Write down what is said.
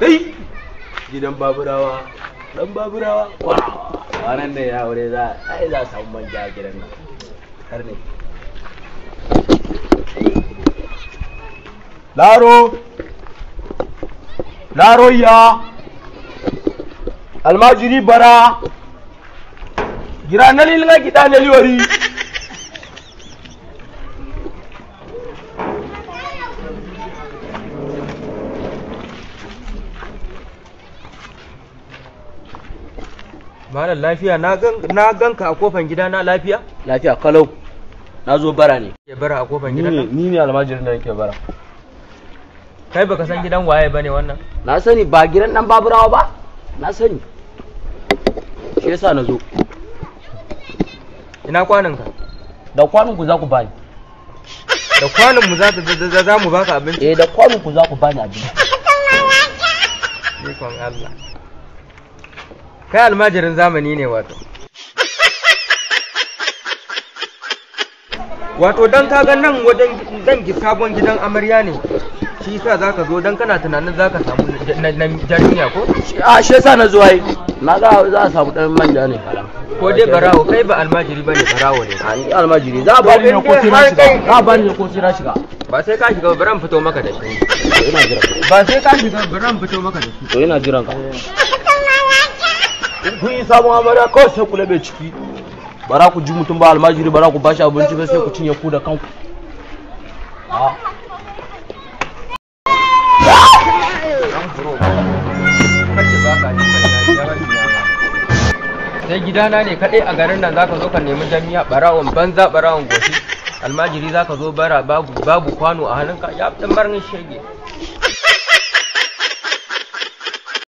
kai gidan baburawa dan baburawa ranar da ya aure za a za a samu manja a gidan nan har ne laro laro ya almajiri bara gira na lilga gida na liwari malam lafiya na ganka a kofan gida na lafiya lafiya kalau na zo bara ne ke bara a kofan gida ni ne almajirin da ke bara kai baka san gidan waye ba ne wannan na sani ba gidan nan baburawa ba na sani shi yasa na zo ina kwaninka? ka da kwanin ku za ku bani da kwanin mu za ta za mu baka abinci eh da kwanin ku za ku bani abinci ikon Allah kai almajirin zamani ne wato wato don kaga nan wajen dangi sabon gidan amarya ne shi sa za ka zo don kana tunanin za ka samu na jarinya ko a shi sa na zuwa yi na za a samu dan manja ne ko dai barawo kai ba almajiri ne barawo ne a ni almajiri za a ba ni ko sai shiga za a ba ni ko sai na shiga ba sai ka shiga baran fito maka da shi ba sai ka shiga baran fito maka da shi to ina jiran ka in kun yi sabon amarya kawai sai ku labe ciki Ba za ku ji mutum ba almajiri ba za ku bashi abinci ba sai ku cinye ku da kanku sai gidana ne kaɗai a garin nan zaka zo ka nemi jami'a barawon banza barawon goshi almajiri zaka zo bara babu kwano a hannunka ya ɗan barnin shege